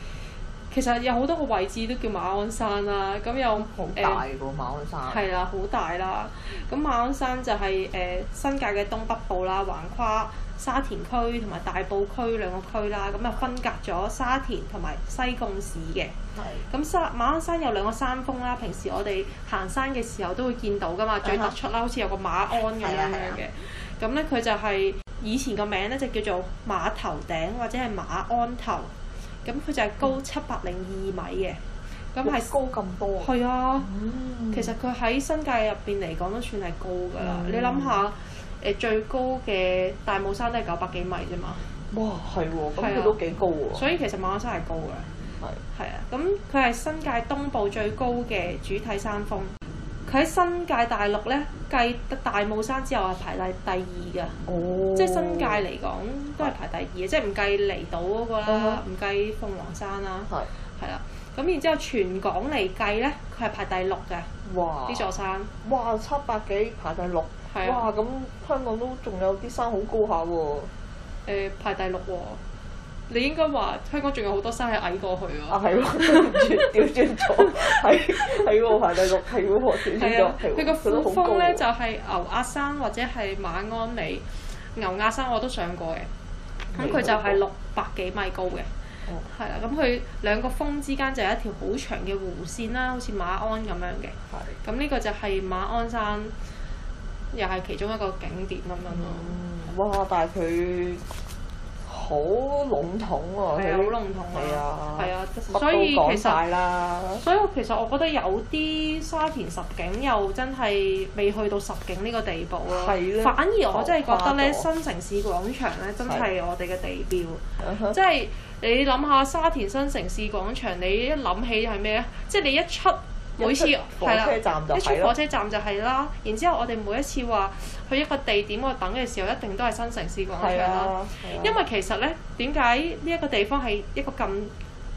其實有好多個位置都叫馬鞍山啦、啊。咁有好大個馬鞍山，係啦，好大啦。咁馬鞍山就係、是、誒、呃、新界嘅東北部啦，橫跨沙田區同埋大埔區兩個區啦。咁啊分隔咗沙田同埋西貢市嘅。係的。咁沙馬鞍山有兩個山峰啦，平時我哋行山嘅時候都會見到㗎嘛，最突、嗯、哼出啦，好似有個馬鞍咁樣樣嘅。咁咧，佢的就係、是。以前個名咧就叫做馬頭頂或者係馬鞍頭，咁佢就係高七百零二米嘅，咁係、嗯、是高咁多。係啊，嗯、其實佢喺新界入邊嚟講都算係高㗎啦。嗯、你諗下，誒、呃、最高嘅大帽山都係九百幾米啫嘛。哇，係喎、啊，咁佢都幾高喎、啊。所以其實馬鞍山係高㗎。係。係啊，咁佢係新界東部最高嘅主體山峰，佢喺新界大陸咧，計大霧山之後係排第第二哦，即係新界嚟講都係排第二嘅，oh. 即係唔計離島嗰、那個啦，唔計、oh. 鳳凰山啦、啊，係係啦。咁然之後,後全港嚟計咧，佢係排第六嘅，呢嘩座山。哇！七百幾排第六。係啊。哇！咁香港都仲有啲山好高下喎。誒、呃，排第六喎、哦。你應該話香港仲有好多山係矮過去喎。啊係喎，調轉咗，係係喎，排第六，係喎，佢個峰咧就係牛押山或者係馬鞍尾。牛押山我都上過嘅，咁佢就係六百幾米高嘅，係啦。咁佢兩個峰之間就有一條好長嘅弧線啦，好似馬鞍咁樣嘅。係的。咁呢個就係馬鞍山，又係其中一個景點咁樣咯、嗯。哇！但係佢。好籠統喎，係好籠統啊，係的啊，乜都講曬啦。所以其實所以其實我覺得有啲沙田十景又真係未去到十景呢個地步咯。的反而我真係覺得呢新城市廣場呢真係我哋嘅地標。即係的你諗下沙田新城市廣場，你一諗起係咩咧？即係你一出。每次係啦，一出火車站就係啦，然之後我哋每一次話去一個地點，度等嘅時候一定都係新城市廣場啦。的的因為其實呢，點解呢一個地方係一個咁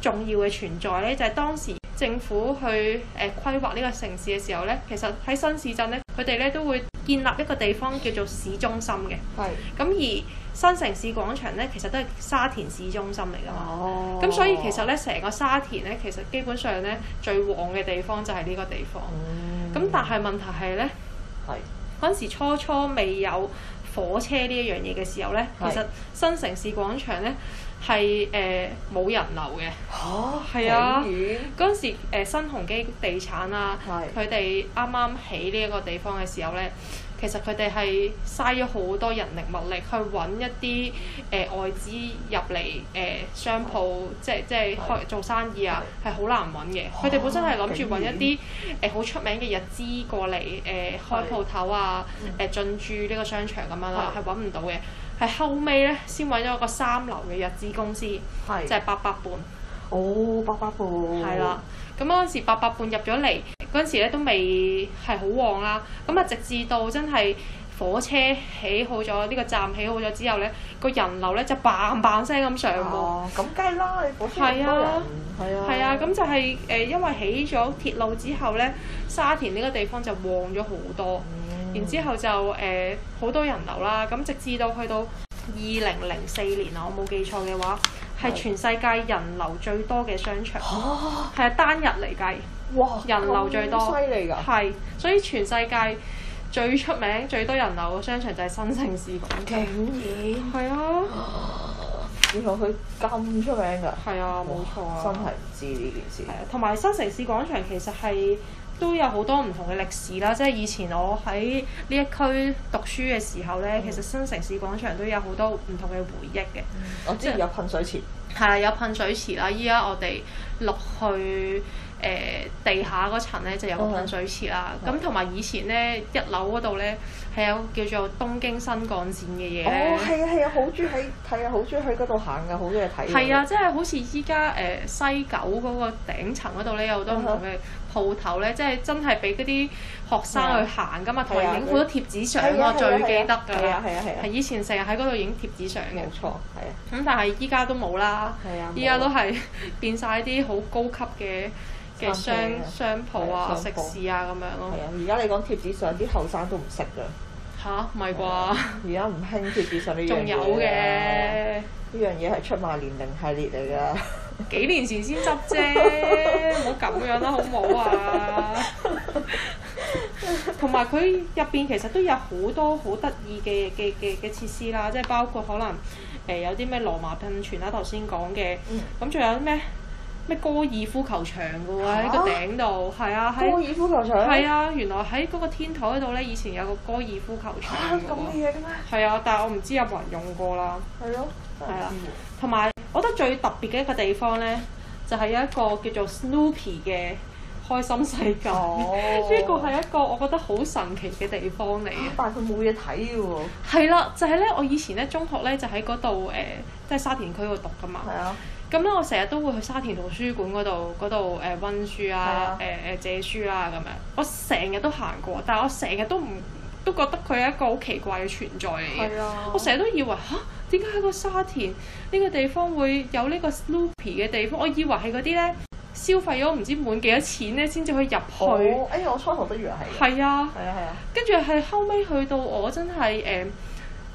重要嘅存在呢？就係、是、當時政府去誒規劃呢個城市嘅時候呢，其實喺新市鎮呢，佢哋呢都會建立一個地方叫做市中心嘅。係的。咁而新城市廣場咧，其實都係沙田市中心嚟㗎嘛。咁、哦、所以其實咧，成個沙田咧，其實基本上咧，最旺嘅地方就係呢個地方。咁、嗯、但係問題係咧，嗰陣是時初初未有火車呢一樣嘢嘅時候咧，是其實新城市廣場咧係誒冇人流嘅。嚇、哦！係啊。嗰陣時、呃、新鴻基地產啊，佢哋啱啱起呢一個地方嘅時候咧。其實佢哋係嘥咗好多人力物力去揾一啲誒、呃、外資入嚟誒商鋪，的即係即係開做生意啊，係好的難揾嘅。佢哋本身係諗住揾一啲誒好出名嘅日資過嚟誒、呃、開鋪頭啊，誒的進駐呢個商場咁樣啦、啊，係揾唔到嘅。係後尾咧，先揾咗個三流嘅日資公司，即係八佰伴。哦，八佰伴。係啦，咁嗰陣時八佰伴入咗嚟。嗰陣時咧都未係好旺啦，咁啊直至到真係火車起好咗，呢、這個站起好咗之後，呢個人流呢就嘭嘭聲咁上喎。咁梗係啦，你火車多人係啊，係啊。係啊，咁就係、是、誒、呃，因為起咗鐵路之後呢，沙田呢個地方就旺咗好多，嗯、然之後就誒好、呃、多人流啦。咁直至到去到二零零四年啊，我冇記錯嘅話，係的全世界人流最多嘅商場，係啊 單日嚟計。哇！人流最多，犀利㗎！係，所以全世界最出名、最多人流嘅商場就係新城市廣場。竟然係啊！原來佢咁出名㗎！係啊，冇錯啊！真係唔知呢件事。係啊，同埋新城市廣場其實係都有好多唔同嘅歷史啦。即係以前我喺呢一區讀書嘅時候咧，嗯、其實新城市廣場都有好多唔同嘅回憶嘅、嗯。我知有噴水池。係、係、啊，有噴水池啦！依家我哋落去。誒地下嗰層咧就有個噴水池啦，咁同埋以前咧一樓嗰度咧係有叫做東京新幹線嘅嘢咧，係啊係啊，好中意喺，睇啊，好中意去嗰度行噶，好中意睇。係啊，即係好似依家誒西九嗰個頂層嗰度咧有好多唔同嘅鋪頭咧，即係真係俾嗰啲學生去行噶嘛，同埋影好多貼紙相啊，我最記得㗎啦。係啊係啊係。以前成日喺嗰度影貼紙相嘅，冇錯係啊。咁但係依家都冇啦，依家都係變晒啲好高級嘅。嘅商商鋪啊、食肆啊咁樣咯。係啊，而家你講貼紙相啲後生都唔識㗎。吓？唔係啩？而家唔興貼紙相呢？仲有嘅。呢樣嘢係出賣年齡系列嚟㗎。幾年前先執啫，唔好咁樣啦，好唔好啊？同埋佢入邊其實都有好多好得意嘅嘅嘅嘅設施啦，即係包括可能誒有啲咩羅馬噴泉啦，頭先講嘅。嗯。咁仲有啲咩？咩高爾夫球場嘅喎，喺個頂度，係啊喺高、啊、爾夫球場，係啊，原來喺嗰個天台度咧，以前有個高爾夫球場咁嘅嘢嘅咩？係啊，啊，但係我唔知有冇人用過啦。係咯，係啊，同埋、啊、我覺得最特別嘅一個地方咧，就係、是、有一個叫做 Snoopy 嘅開心世界，呢個係一個我覺得好神奇嘅地方嚟、啊。但係佢冇嘢睇嘅喎。係啦、啊，就係、是、咧，我以前咧中學咧就喺嗰度誒，都、呃、係、就是、沙田區度讀㗎嘛。係啊。咁咧、嗯，我成日都會去沙田圖書館嗰度嗰度，誒溫書啊，誒誒借書啦咁樣。我成日都行過，但係我成日都唔都覺得佢係一個好奇怪嘅存在嚟嘅。啊、我成日都以為嚇，點解喺個沙田呢個地方會有呢個 Snoopy 嘅地方？我以為係嗰啲咧消費咗唔知滿幾多錢咧，先至可以入去。哎呀，我初頭都以為係。係啊。係啊係啊。跟住係後尾去到，我，我真係誒。嗯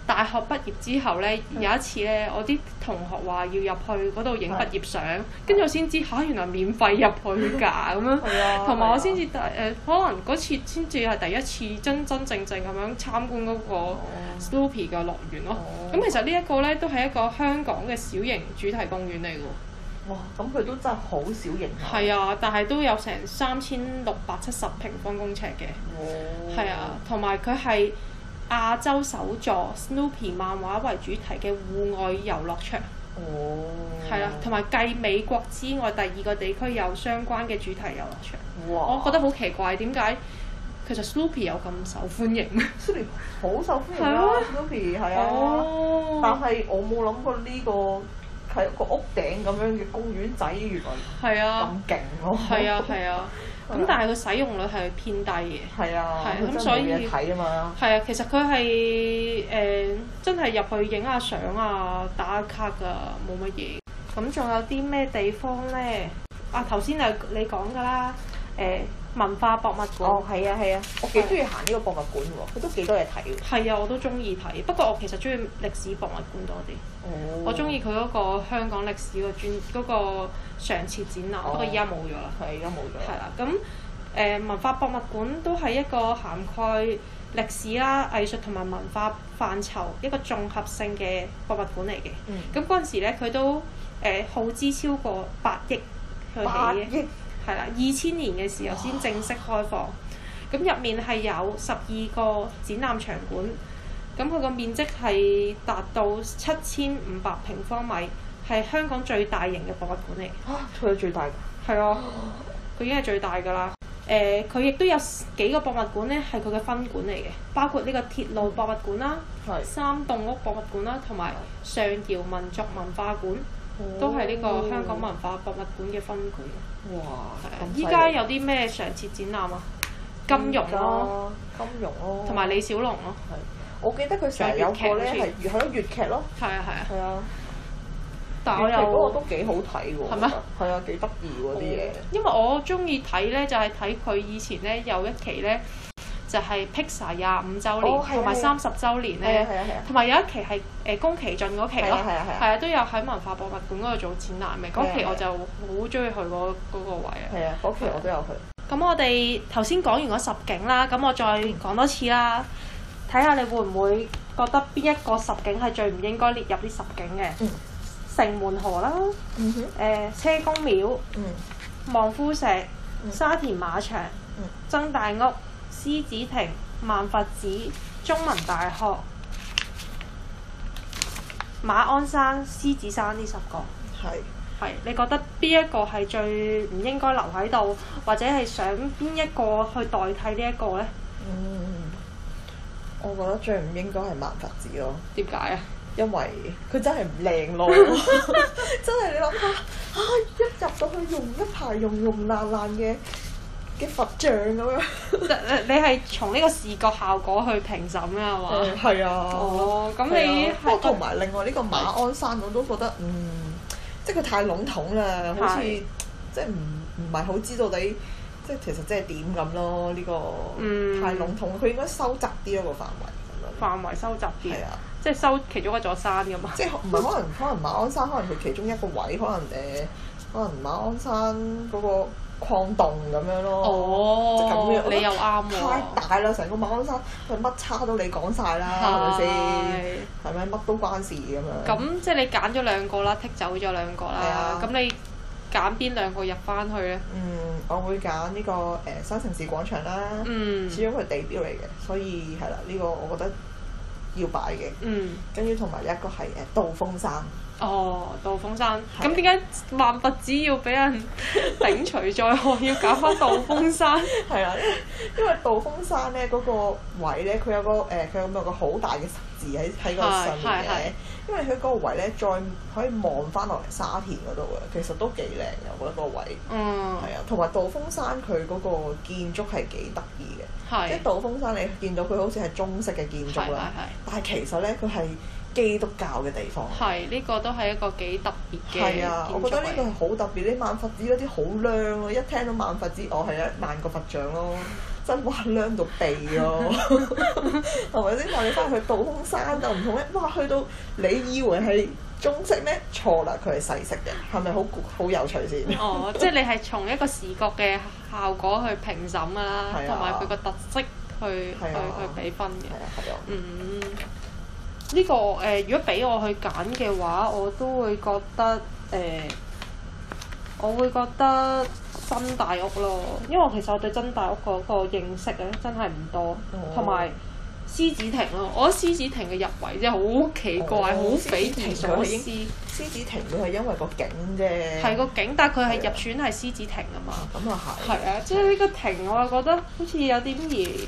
大學畢業之後咧，是有一次咧，我啲同學話要入去嗰度影畢業相，跟住是我先知吓是、啊，原來免費入去㗎咁樣，同埋 我先至第誒，可能嗰次先至係第一次真真正正咁樣參觀嗰個 Snoopy 嘅樂園咯。咁、哦哦、其實呢一個咧都係一個香港嘅小型主題公園嚟㗎。哇！咁佢都真係好小型、啊。係啊，但係都有成三千六百七十平方公尺嘅，係、哦、啊，同埋佢係。亞洲首座 Snoopy 漫畫為主題嘅戶外遊樂場，係啦、oh. 啊，同埋繼美國之外第二個地區有相關嘅主題遊樂場。哇嘩！我覺得好奇怪，點解其實 Snoopy 有咁受歡迎咧？Snoopy 好受歡迎啊，Snoopy 係啊，opy, 啊 oh. 但係我冇諗過呢、呢個係一個屋頂咁樣嘅公園仔，原來咁勁咯！係啊，係啊。 咁、嗯、但係佢使用率係偏低嘅，係，咁所以係啊，其實佢係誒真係入去影下相啊、打下卡㗎，冇乜嘢。咁仲有啲咩地方咧？啊，頭先啊，你講㗎啦，誒。文化博物館哦，係啊係啊，我幾中意行呢個博物館喎，佢都幾多嘢睇嘅。係啊，我都中意睇，不過我其實中意歷史博物館多啲。哦、嗯，我中意佢嗰個香港歷史、那個專嗰個常設展覽，不過而家冇咗啦。係，而家冇咗。係啦、啊，咁誒、啊呃、文化博物館都係一個涵蓋歷史啦、藝術同埋文化範疇一個綜合性嘅博物館嚟嘅。嗯。咁嗰陣時咧，佢都誒耗資超過八億去起嘅。八億。係啦，二千年嘅時候先正式開放，咁入面係有十二個展覽場館，咁佢個面積係達到七千五百平方米，係香港最大型嘅博物館嚟。嚇、啊，做到最大㗎？係啊，佢已經係最大㗎啦。誒、呃，佢亦都有幾個博物館咧，係佢嘅分館嚟嘅，包括呢個鐵路博物館啦、嗯、三棟屋博物館啦，同埋上窰民族文化館。都係呢個香港文化博物館嘅分館。哇！依家有啲咩常設展覽啊？金融咯，金融咯，同埋李小龍咯。係，我記得佢上有個咧，係係咯，粵劇咯。係啊係啊。係啊，但係嗰個都幾好睇喎。係咪？係啊，幾得意喎啲嘢。因為我中意睇咧，就係睇佢以前咧有一期咧。就係 Pixar 廿五周年同埋三十周年咧，同埋有一期係誒宮崎駿嗰期咯，係啊，都有喺文化博物館嗰度做展覽嘅。嗰期我就好中意去嗰個位啊。係啊，嗰期我都有去。咁我哋頭先講完嗰十景啦，咁我再講多次啦，睇下你會唔會覺得邊一個十景係最唔應該列入啲十景嘅？城門河啦，誒車公廟、望夫石、沙田馬場、曾大屋。獅子亭、萬佛寺、中文大學、馬鞍山、獅子山呢十個，係係是你覺得邊一個係最唔應該留喺度，或者係想邊一個去代替呢一個呢？嗯，我覺得最唔應該係萬佛寺咯。點解 啊？因為佢真係唔靚咯，真係你諗下，一入到去用一排融融融爛爛，溶溶爛爛嘅。嘅佛像咁樣，誒 你係從呢個視覺效果去評審嘅係嘛？係 啊。哦，咁你，我同埋另外呢個馬鞍山我都覺得，嗯，即係佢太籠統啦，好似是即係唔唔係好知道你，即係其實即係點咁咯？呢、呢個、嗯、太籠統。佢應該收窄啲咯，個範圍咁樣。範圍收窄啲，啊、即係收其中一座山咁嘛？即係唔係可能可能馬鞍山可能佢其中一個位可能誒，可能馬鞍山嗰個。礦洞咁樣咯，即係咁樣，哦、樣你又啱，太大啦，成、啊、個馬鞍山，佢乜差都你講晒啦，係咪先？係咪乜都關事咁樣？咁即係你揀咗兩個啦，剔走咗兩個啦，咁係、啊、你揀邊兩個入翻去咧？嗯，我會揀呢、呢個誒新、呃、城市廣場啦，嗯，始終佢係地標嚟嘅，所以係啦，呢、呢個我覺得要擺嘅。嗯。跟住同埋一個係誒道風山。哦，道風山，咁點解萬佛寺要俾人頂除再何要搞翻道風山？係 啊，因為因為道風山咧嗰個位咧，佢有個誒，佢、呃、有個好大嘅十字喺喺嗰上面嘅。 因為佢嗰個位咧，再可以望翻落嚟沙田嗰度嘅，其實都幾靚嘅我覺得個位。嗯。係啊，同埋道風山佢嗰個建築係幾得意嘅，即係 是道風山你見到佢好似係中式嘅建築啦，但係其實咧佢係。基督教嘅地方，係呢、呢個都係一個幾特別嘅。係啊，我覺得呢個係好特別。啲萬佛寺嗰啲好靚啊！一聽到萬佛寺，我係一萬個佛像咯，真係哇靚到痹哦，係 咪先？或者翻去道風山就唔同咧，哇！去到你以為係中式咩？錯啦，佢係西式嘅。係咪好好有趣先？ 嗯、哦，即、就、係、是、你係從一個視覺嘅效果去評審啊，同埋佢個特色去去、啊、去比分嘅。係係啊，啊嗯。呢、這個誒、呃，如果俾我去揀嘅話，我都會覺得誒、呃，我會覺得曾大屋咯，因為其實我對曾大屋嗰個認識真係唔多，同埋獅子亭咯，我覺得獅子亭嘅入圍真係好奇怪，好、哦、匪夷所思。我獅子亭都係因為，因為個景啫。係個景，但係佢係入選係獅子亭啊嘛。咁啊係。係啊，即係呢個亭，我覺得好似有啲嘢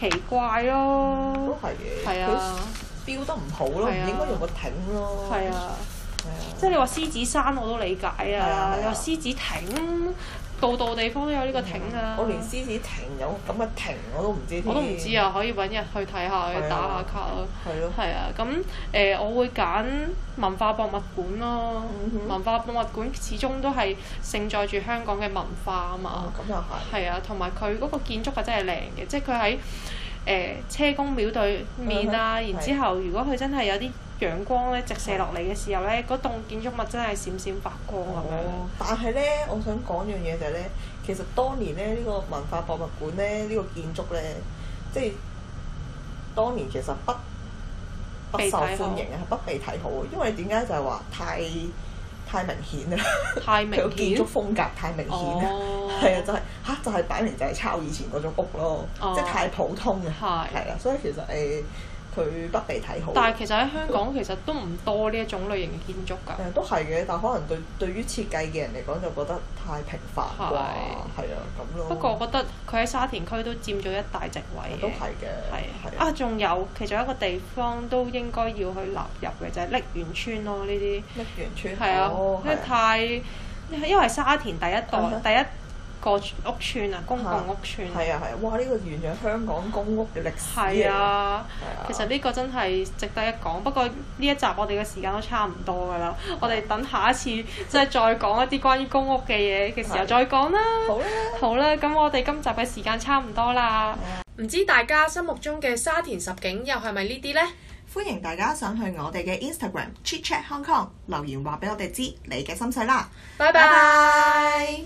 奇怪咯。都係嘅。係啊。標得唔好咯，唔、啊、應該用個亭咯。係啊，啊啊即係你話獅子山我都理解啊，你話、啊啊、獅子亭，度度地方都有呢個亭啊、嗯。我連獅子亭有咁嘅亭我都唔知。我都唔知啊，可以揾日去睇下，打下卡咯。係咯。係啊，咁誒、啊啊啊呃，我會揀文化博物館咯、啊。嗯、哼文化博物館始終都係盛載住香港嘅文化啊嘛。咁又係。係啊，同埋佢嗰個建築係真係靚嘅，即係佢喺。誒、呃、車公廟對面啊，嗯、哼然之後如果佢真係有啲陽光咧，直射落嚟嘅時候咧，嗰的棟建築物真係閃閃發光咁樣。哦，的的但係咧，我想講樣嘢就係、是、咧，其實當年咧呢、這個文化博物館咧呢、這個建築咧，即係當年其實不不受歡迎啊，係不被睇好，因為點解就係話太太明顯啦，佢 建築風格太明顯啦，係啊，就係嚇，就係擺明就係抄以前嗰種屋咯，即係太普通嘅，係啦，所以其實誒。欸佢不被睇好，但係其實喺香港其實都唔多呢一種類型嘅建築㗎。誒，都係嘅，但可能對對於設計嘅人嚟講就覺得太平凡啩，係啊，咁咯。不過我覺得佢喺沙田區都佔咗一大席位都係嘅。係。啊，仲有，其中一個地方都應該要去納入嘅，就係瀝源村咯，呢啲。瀝源村。係啊，因為太因為沙田第一代第一個屋邨啊，公共屋邨，係啊係啊，哇、啊！呢、啊這個完全係香港公屋嘅歷史。係啊，啊其實呢個真係值得一講。不過呢一集我哋嘅時間都差唔多㗎啦，是我哋等下一次即係再講一啲關於公屋嘅嘢嘅時候再講啦。好啦，好啦，咁我哋今集嘅時間差唔多啦。唔、啊、知大家心目中嘅沙田十景又係咪呢啲呢？歡迎大家上去我哋嘅 Instagram chitchathongkong 留言話俾我哋知你嘅心水啦。拜拜。